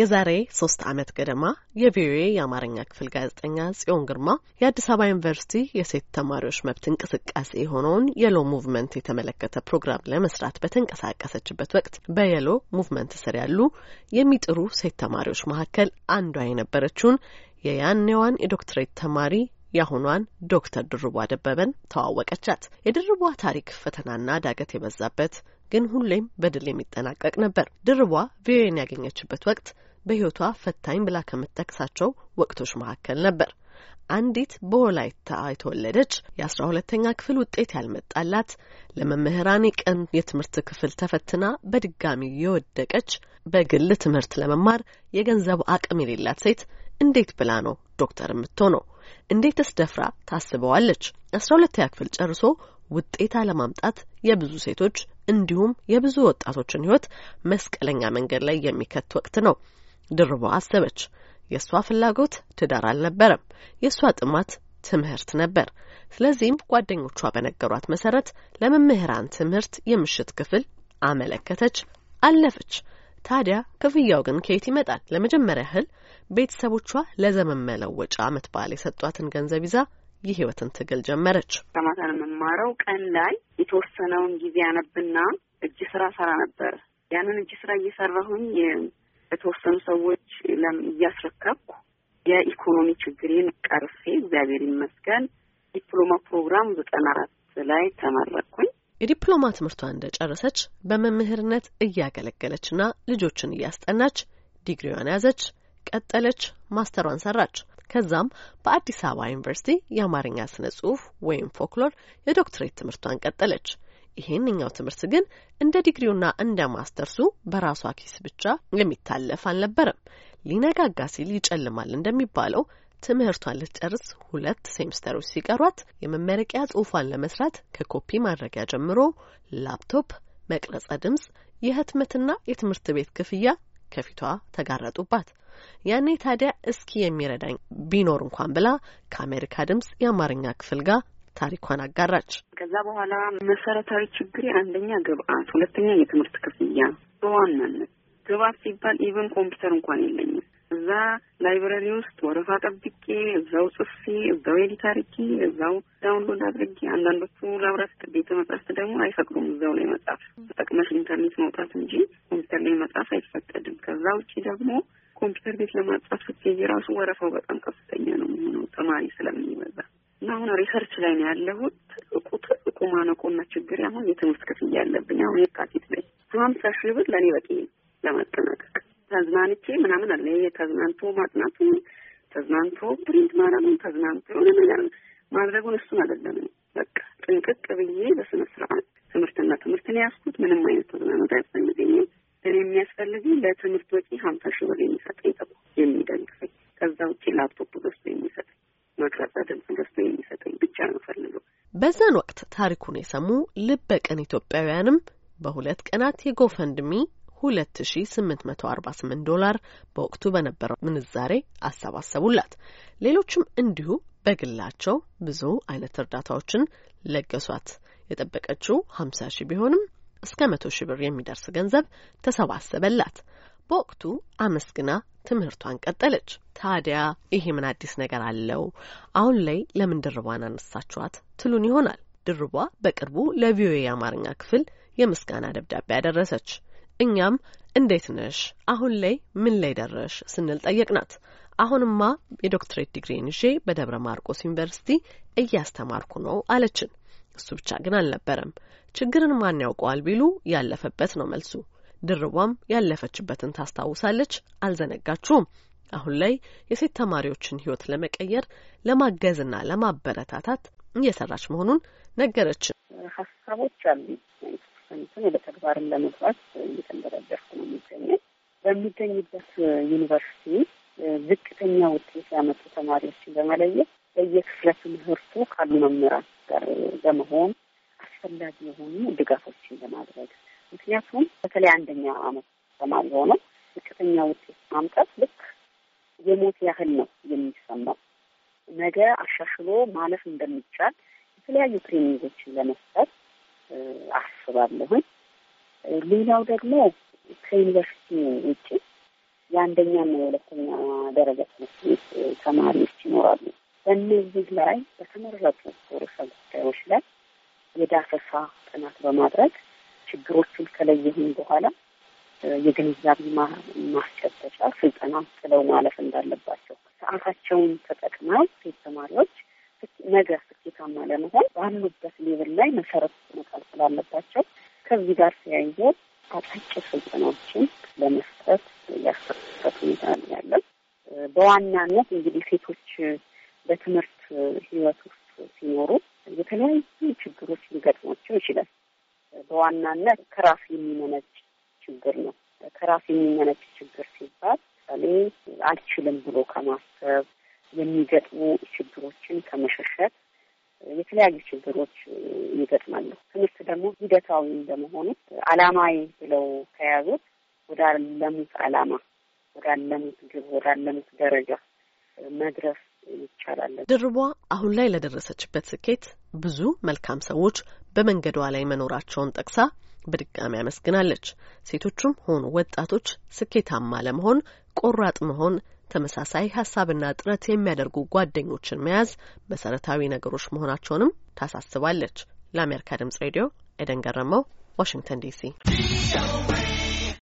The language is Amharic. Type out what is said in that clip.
የዛሬ ሶስት ዓመት ገደማ የቪኦኤ የአማርኛ ክፍል ጋዜጠኛ ጽዮን ግርማ የአዲስ አበባ ዩኒቨርሲቲ የሴት ተማሪዎች መብት እንቅስቃሴ የሆነውን የሎ ሙቭመንት የተመለከተ ፕሮግራም ለመስራት በተንቀሳቀሰችበት ወቅት በየሎ ሙቭመንት ስር ያሉ የሚጥሩ ሴት ተማሪዎች መካከል አንዷ የነበረችውን የያኔዋን የዶክትሬት ተማሪ የአሁኗን ዶክተር ድርቧ ደበበን ተዋወቀቻት። የድርቧ ታሪክ ፈተናና ዳገት የበዛበት ግን ሁሌም በድል የሚጠናቀቅ ነበር። ድርቧ ቪኦኤን ያገኘችበት ወቅት በሕይወቷ ፈታኝ ብላ ከምትጠቅሳቸው ወቅቶች መካከል ነበር። አንዲት በወላይታ የተወለደች የአስራ ሁለተኛ ክፍል ውጤት ያልመጣላት ለመምህራን ቀን የትምህርት ክፍል ተፈትና በድጋሚ የወደቀች በግል ትምህርት ለመማር የገንዘብ አቅም የሌላት ሴት እንዴት ብላ ነው ዶክተር የምትሆነው? እንዴትስ ደፍራ ታስበዋለች? አስራ ሁለተኛ ክፍል ጨርሶ ውጤታ ለማምጣት የብዙ ሴቶች እንዲሁም የብዙ ወጣቶችን ሕይወት መስቀለኛ መንገድ ላይ የሚከት ወቅት ነው። ድርቦ አሰበች። የእሷ ፍላጎት ትዳር አልነበረም። የእሷ ጥማት ትምህርት ነበር። ስለዚህም ጓደኞቿ በነገሯት መሰረት ለመምህራን ትምህርት የምሽት ክፍል አመለከተች፣ አለፈች። ታዲያ ክፍያው ግን ከየት ይመጣል? ለመጀመሪያ ያህል ቤተሰቦቿ ለዘመን መለወጫ አመት በዓል የሰጧትን ገንዘብ ይዛ የህይወትን ትግል ጀመረች። ከማታ የምማረው ቀን ላይ የተወሰነውን ጊዜ አነብና እጅ ስራ ሰራ ነበር። ያንን እጅ ስራ እየሰራሁኝ ለተወሰኑ ሰዎች እያስረከብኩ የኢኮኖሚ ችግሬን ቀርፌ እግዚአብሔር ይመስገን ዲፕሎማ ፕሮግራም ዘጠና አራት ላይ ተመረቅኩኝ። የዲፕሎማ ትምህርቷን እንደጨረሰች በመምህርነት እያገለገለችና ልጆችን እያስጠናች ዲግሪዋን ያዘች፣ ቀጠለች፣ ማስተሯን ሰራች። ከዛም በአዲስ አበባ ዩኒቨርሲቲ የአማርኛ ስነ ጽሁፍ ወይም ፎክሎር የዶክትሬት ትምህርቷን ቀጠለች። ይሄንኛው ትምህርት ግን እንደ ዲግሪውና እንደ ማስተርሱ በራሷ ኪስ ብቻ የሚታለፍ አልነበረም። ሊነጋጋ ሲል ይጨልማል እንደሚባለው ትምህርቷን ልትጨርስ ሁለት ሴምስተሮች ሲቀሯት የመመረቂያ ጽሁፏን ለመስራት ከኮፒ ማድረጊያ ጀምሮ ላፕቶፕ፣ መቅረጸ ድምጽ፣ የህትመትና የትምህርት ቤት ክፍያ ከፊቷ ተጋረጡባት። ያኔ ታዲያ እስኪ የሚረዳኝ ቢኖር እንኳን ብላ ከአሜሪካ ድምጽ የአማርኛ ክፍል ጋር ታሪኳን አጋራች። ከዛ በኋላ መሰረታዊ ችግር አንደኛ ግብአት፣ ሁለተኛ የትምህርት ክፍያ በዋናነት ግብአት ሲባል ኢቨን ኮምፒውተር እንኳን የለኝም። እዛ ላይብረሪ ውስጥ ወረፋ ጠብቄ እዛው ጽፌ እዛው ኤዲት አድርጌ እዛው ዳውንሎድ አድርጌ አንዳንዶቹ ላብራት ቤተ መጻሕፍት ደግሞ አይፈቅዱም። እዛው ላይ መጻፍ ተጠቅመሽ ኢንተርኔት መውጣት እንጂ ኮምፒውተር ላይ መጻፍ አይፈቀድም። ከዛ ውጭ ደግሞ ኮምፒውተር ቤት ለማጻፍ ስትሄጂ ራሱ ወረፋው በጣም ከፍተኛ ነው የሚሆነው ተማሪ ስለሚበዛ አሁን ሪሰርች ላይ ነው ያለሁት። እቁማነቆና ችግር አሁን የትምህርት ክፍያ ያለብኝ አሁን የካቲት ላይ ሀምሳ ሺህ ብር ለእኔ በቂ ለማጠናቀቅ ተዝናንቼ ምናምን አለ ይሄ ተዝናንቶ ማጥናቱ ተዝናንቶ ፕሪንት ማረሙን ተዝናንቶ የሆነ ነገር ማድረጉን እሱን አይደለም። በቃ ጥንቅቅ ብዬ በስነ ስርዓት ትምህርትና ትምህርትን ያስኩት ምንም አይነት ተዝናኖት አያስፈልገኝም። እኔ የሚያስፈልገኝ ለትምህርት ወጪ ሀምሳ ሺህ ብር የሚሰጠኝ የሚደግፈኝ ከዛ ውጭ ላፕቶፕ ገዝቶ የሚሰጥ መቅረጽ አይደለም የሚሰጠኝ ብቻ ነው ፈልገው። በዛን ወቅት ታሪኩን የሰሙ ልበ ቀን ኢትዮጵያውያንም በሁለት ቀናት የጎፈንድሚ ሁለት ሺ ስምንት መቶ አርባ ስምንት ዶላር በወቅቱ በነበረው ምንዛሬ አሰባሰቡላት። ሌሎችም እንዲሁ በግላቸው ብዙ አይነት እርዳታዎችን ለገሷት። የጠበቀችው ሀምሳ ሺህ ቢሆንም እስከ መቶ ሺህ ብር የሚደርስ ገንዘብ ተሰባሰበላት። በወቅቱ አመስግና ትምህርቷን ቀጠለች። ታዲያ ይሄ ምን አዲስ ነገር አለው? አሁን ላይ ለምን ድርቧን አነሳችኋት ትሉን ይሆናል። ድርቧ በቅርቡ ለቪኦኤ የአማርኛ ክፍል የምስጋና ደብዳቤ ያደረሰች። እኛም እንዴት ነሽ፣ አሁን ላይ ምን ላይ ደረሽ ስንል ጠየቅናት። አሁንማ የዶክትሬት ዲግሪን ይዤ በደብረ ማርቆስ ዩኒቨርሲቲ እያስተማርኩ ነው አለችን። እሱ ብቻ ግን አልነበረም። ችግርን ማን ያውቀዋል ቢሉ ያለፈበት ነው መልሱ። ድርቧም ያለፈችበትን ታስታውሳለች። አልዘነጋችሁም። አሁን ላይ የሴት ተማሪዎችን ህይወት ለመቀየር ለማገዝና ለማበረታታት እየሰራች መሆኑን ነገረችን። ሀሳቦች አሉ። ኢትዮጵያዊትን ወደ ተግባርን ለመግባት እየተንደረደርኩ ነው የሚገኘው። በሚገኝበት ዩኒቨርሲቲ ዝቅተኛ ውጤት ያመጡ ተማሪዎችን በመለየት በየክፍለ ትምህርቱ ካሉ መምህራን ጋር በመሆን አስፈላጊ የሆኑ ድጋፎችን ለማድረግ ምክንያቱም በተለይ አንደኛ አመት ተማሪ ሆኖ ዝቅተኛ ውጤት ማምጣት ልክ የሞት ያህል ነው የሚሰማው። ነገ አሻሽሎ ማለፍ እንደሚቻል የተለያዩ ትሬኒንጎችን ለመስጠት አስባለሁኝ። ሌላው ደግሞ ከዩኒቨርሲቲ ውጭ የአንደኛና የሁለተኛ ደረጃ ትምህርት ቤት ተማሪዎች ይኖራሉ። በእነዚህ ላይ በተመረጡ ርዕሰ ጉዳዮች ላይ የዳሰሳ ጥናት በማድረግ ችግሮቹን ከለየህም በኋላ የግንዛቤ ማስጨበጫ ስልጠና ጥለው ማለፍ እንዳለባቸው ሰዓታቸውን ተጠቅመው ሴት ተማሪዎች ነገ ስኬታማ ለመሆን ባሉበት ሌብል ላይ መሰረት መጣል ስላለባቸው ከዚህ ጋር ተያይዞ አጫጭር ስልጠናዎችን ለመስጠት ያሰሩበት ሁኔታ ያለን። በዋናነት እንግዲህ ሴቶች በትምህርት ህይወት ውስጥ ሲኖሩ የተለያዩ በዋናነት ከራስ የሚመነጭ ችግር ነው። ከራስ የሚመነጭ ችግር ሲባል ለምሳሌ አልችልም ብሎ ከማሰብ የሚገጥሙ ችግሮችን ከመሸሸት የተለያዩ ችግሮች ይገጥማሉ። ትምህርት ደግሞ ሂደታዊ እንደመሆኑ አላማዊ ብለው ከያዙት ወዳለሙት አላማ፣ ወዳለሙት ግብ፣ ወዳለሙት ደረጃ መድረስ ይቻላል። ድርቧ አሁን ላይ ለደረሰችበት ስኬት ብዙ መልካም ሰዎች በመንገዷ ላይ መኖራቸውን ጠቅሳ በድጋሚ አመስግናለች። ሴቶቹም ሆኑ ወጣቶች ስኬታማ ለመሆን ቆራጥ መሆን ተመሳሳይ ሀሳብና ጥረት የሚያደርጉ ጓደኞችን መያዝ መሰረታዊ ነገሮች መሆናቸውንም ታሳስባለች። ለአሜሪካ ድምጽ ሬዲዮ ኤደን ገረመው፣ ዋሽንግተን ዲሲ